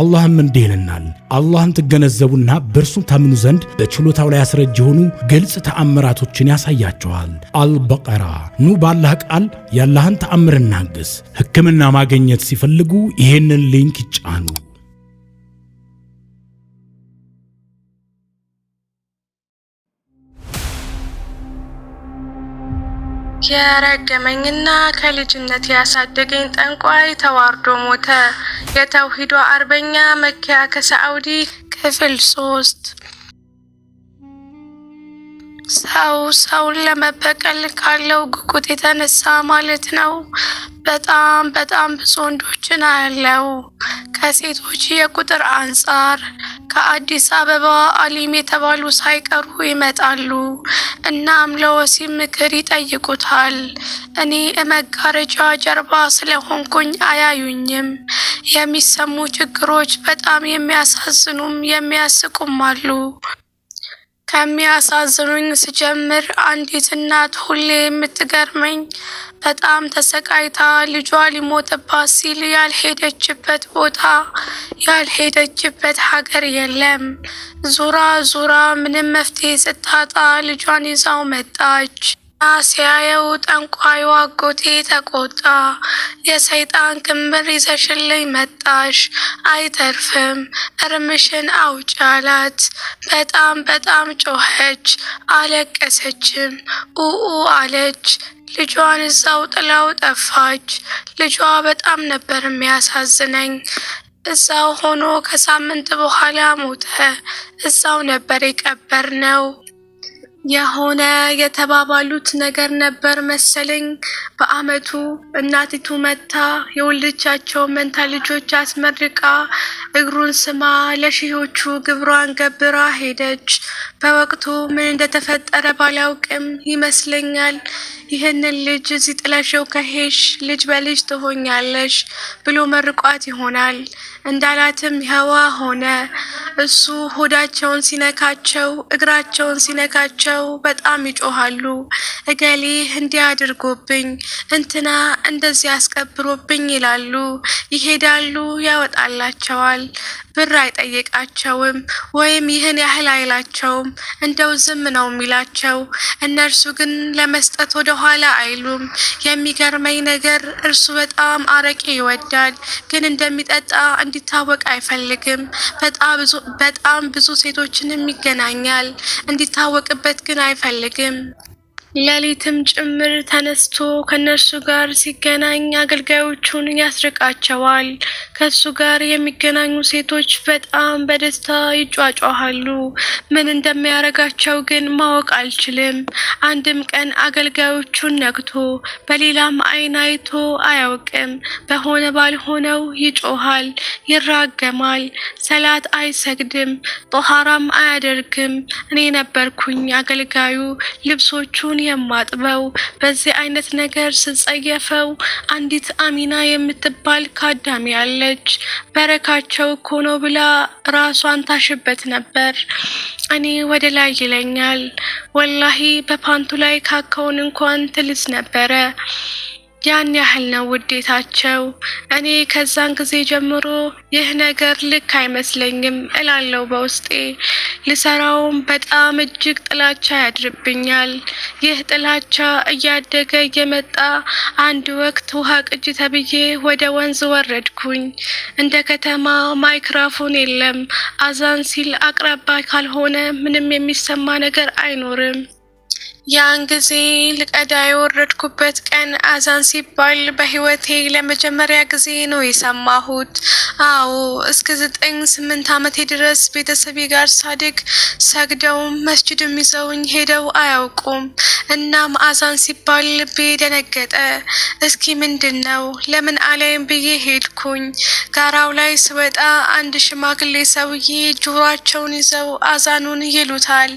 አላህም እንዲህ ይለናል፣ አላህን ትገነዘቡና በእርሱ ታምኑ ዘንድ በችሎታው ላይ አስረጅ የሆኑ ግልጽ ተአምራቶችን ያሳያቸዋል። አልበቀራ ኑ ባላህ ቃል ያላህን ተአምር እናግስ። ሕክምና ማግኘት ሲፈልጉ ይሄንን ሊንክ ይጫኑ። ና ከልጅነት ያሳደገኝ ጠንቋይ ተዋርዶ ሞተ። የተውሂዶ አርበኛ መኪያ ከሳዑዲ ክፍል ሶስት ሰው ሰውን ለመበቀል ካለው ጉጉት የተነሳ ማለት ነው። በጣም በጣም ብዙ ወንዶችን አያለው ከሴቶች የቁጥር አንጻር ከአዲስ አበባ አሊም የተባሉ ሳይቀሩ ይመጣሉ። እናም ለወሲብ ምክር ይጠይቁታል። እኔ እመጋረጃ ጀርባ ስለሆንኩኝ አያዩኝም። የሚሰሙ ችግሮች በጣም የሚያሳዝኑም የሚያስቁም አሉ። ከሚያሳዝኑኝ ስጀምር አንዲት እናት ሁሌ የምትገርመኝ በጣም ተሰቃይታ ልጇ ሊሞትባት ሲል ያልሄደችበት ቦታ ያልሄደችበት ሀገር የለም። ዙራ ዙራ ምንም መፍትሄ ስታጣ ልጇን ይዛው መጣች። ና ሲያየው ጠንቋዩ አጎቴ ተቆጣ። የሰይጣን ክምር ይዘሽልኝ መጣሽ አይተርፍም እርምሽን አውጪ አላት። በጣም በጣም ጮኸች፣ አለቀሰችም፣ ኡኡ አለች። ልጇን እዛው ጥላው ጠፋች። ልጇ በጣም ነበር የሚያሳዝነኝ። እዛው ሆኖ ከሳምንት በኋላ ሞተ። እዛው ነበር የቀበር ነው። የሆነ የተባባሉት ነገር ነበር መሰለኝ። በአመቱ እናቲቱ መታ የወለደቻቸው መንታ ልጆች አስመርቃ እግሩን ስማ ለሺዎቹ ግብሯን ገብራ ሄደች። በወቅቱ ምን እንደተፈጠረ ባላውቅም ይመስለኛል ይህንን ልጅ እዚህ ጥለሽው ከሄሽ ልጅ በልጅ ትሆኛለሽ ብሎ መርቋት ይሆናል እንዳላትም ህዋ ሆነ። እሱ ሆዳቸውን ሲነካቸው እግራቸውን ሲነካቸው በጣም ይጮሃሉ። እገሌ እንዲህ አድርጎብኝ፣ እንትና እንደዚህ አስቀብሮብኝ ይላሉ። ይሄዳሉ፣ ያወጣላቸዋል። ብር አይጠይቃቸውም ወይም ይህን ያህል አይላቸውም። እንደው ዝም ነው የሚላቸው። እነርሱ ግን ለመስጠት ወደኋላ አይሉም። የሚገርመኝ ነገር እርሱ በጣም አረቄ ይወዳል፣ ግን እንደሚጠጣ እንዲታወቅ አይፈልግም። በጣም ብዙ በጣም ብዙ ሴቶችንም ይገናኛል። እንዲታወቅበት ግን አይፈልግም። ሌሊትም ጭምር ተነስቶ ከእነርሱ ጋር ሲገናኝ አገልጋዮቹን ያስርቃቸዋል። ከእሱ ጋር የሚገናኙ ሴቶች በጣም በደስታ ይጫጫሃሉ። ምን እንደሚያደርጋቸው ግን ማወቅ አልችልም። አንድም ቀን አገልጋዮቹን ነግቶ በሌላም አይን አይቶ አያውቅም። በሆነ ባልሆነው ይጮሃል፣ ይራገማል፣ ሰላት አይሰግድም፣ ጦሃራም አያደርግም። እኔ ነበርኩኝ አገልጋዩ ልብሶቹን ፊቱን የማጥበው በዚህ አይነት ነገር ስጸየፈው፣ አንዲት አሚና የምትባል ካዳሚ አለች። በረካቸው እኮ ነው ብላ ራሷን ታሽበት ነበር። እኔ ወደ ላይ ይለኛል። ወላሂ በፓንቱ ላይ ካካውን እንኳን ትልስ ነበረ። ያን ያህል ነው ውዴታቸው። እኔ ከዛን ጊዜ ጀምሮ ይህ ነገር ልክ አይመስለኝም እላለው በውስጤ። ልሰራውም በጣም እጅግ ጥላቻ ያድርብኛል። ይህ ጥላቻ እያደገ እየመጣ አንድ ወቅት ውሃ ቅጅ ተብዬ ወደ ወንዝ ወረድኩኝ። እንደ ከተማ ማይክራፎን የለም። አዛን ሲል አቅራባ ካልሆነ ምንም የሚሰማ ነገር አይኖርም። ያን ጊዜ ልቀዳ የወረድኩበት ቀን አዛን ሲባል በህይወቴ ለመጀመሪያ ጊዜ ነው የሰማሁት። አዎ እስከ ዘጠኝ ስምንት ዓመቴ ድረስ ቤተሰቤ ጋር ሳድግ ሰግደው መስጅድም ይዘውኝ ሄደው አያውቁም። እናም አዛን ሲባል ልቤ ደነገጠ። እስኪ ምንድን ነው ለምን አላይም ብዬ ሄድኩኝ። ጋራው ላይ ስወጣ አንድ ሽማግሌ ሰውዬ ጆሯቸውን ይዘው አዛኑን ይሉታል።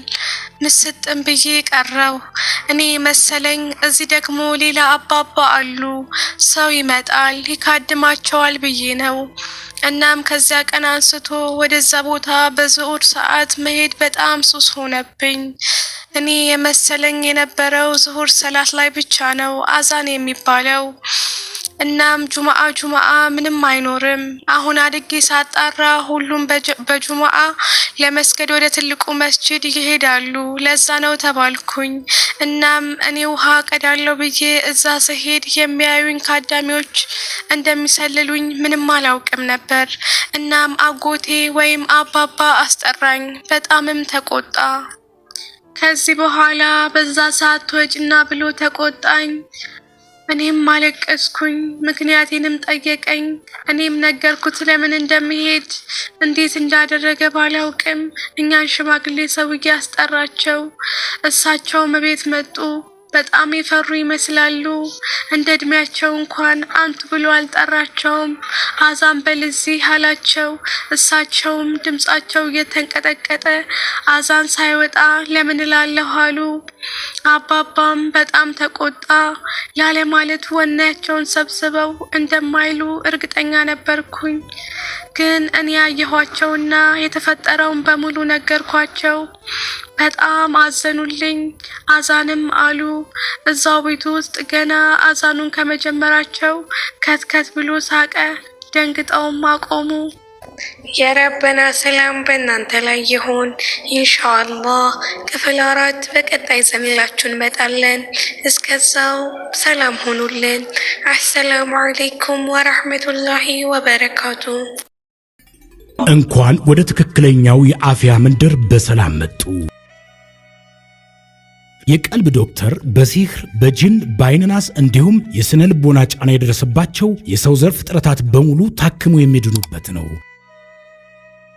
ንስጥም ብዬ ቀረው እኔ መሰለኝ። እዚህ ደግሞ ሌላ አባባ አሉ፣ ሰው ይመጣል ይካድማቸዋል ብዬ ነው። እናም ከዚያ ቀን አንስቶ ወደዛ ቦታ በዝሁር ሰዓት መሄድ በጣም ሱስ ሆነብኝ። እኔ የመሰለኝ የነበረው ዝሁር ሰላት ላይ ብቻ ነው አዛን የሚባለው። እናም ጁማአ ጁማአ ምንም አይኖርም። አሁን አድጌ ሳጣራ ሁሉም በጁማአ ለመስገድ ወደ ትልቁ መስጂድ ይሄዳሉ። ለዛ ነው ተባልኩኝ። እናም እኔ ውሃ ቀዳለው ብዬ እዛ ስሄድ የሚያዩኝ ካዳሚዎች እንደሚሰልሉኝ ምንም አላውቅም ነበር። እናም አጎቴ ወይም አባባ አስጠራኝ። በጣምም ተቆጣ። ከዚህ በኋላ በዛ ሰዓት ትወጭና ብሎ ተቆጣኝ። እኔም አለቀስኩኝ። ምክንያቴንም ጠየቀኝ። እኔም ነገርኩት ለምን እንደምሄድ እንዴት እንዳደረገ ባላውቅም እኛን ሽማግሌ ሰውዬ አስጠራቸው። እሳቸውም ቤት መጡ። በጣም የፈሩ ይመስላሉ። እንደ እድሜያቸው እንኳን አንቱ ብሎ አልጠራቸውም። አዛን እዚህ አላቸው። እሳቸውም ድምጻቸው እየተንቀጠቀጠ አዛን ሳይወጣ ለምን እላለሁ አሉ። አባባም በጣም ተቆጣ። ላለማለት ወናያቸውን ሰብስበው እንደማይሉ እርግጠኛ ነበርኩኝ። ግን እኔ ያየኋቸውና የተፈጠረውን በሙሉ ነገርኳቸው። በጣም አዘኑልኝ። አዛንም አሉ። እዛው ቤቱ ውስጥ ገና አዛኑን ከመጀመራቸው ከትከት ብሎ ሳቀ። ደንግጠውም አቆሙ። የረበና ሰላም በእናንተ ላይ ይሁን። ኢንሻአላህ ክፍል አራት በቀጣይ ዘንላችሁ እንመጣለን። እስከዛው ሰላም ሁኑልን። አሰላሙ አለይኩም ወራህመቱላሂ ወበረካቱ እንኳን ወደ ትክክለኛው የአፍያ መንደር በሰላም መጡ። የቀልብ ዶክተር በሲህር በጅን በአይነናስ እንዲሁም የሥነ ልቦና ጫና የደረሰባቸው የሰው ዘር ፍጥረታት በሙሉ ታክሞ የሚድኑበት ነው።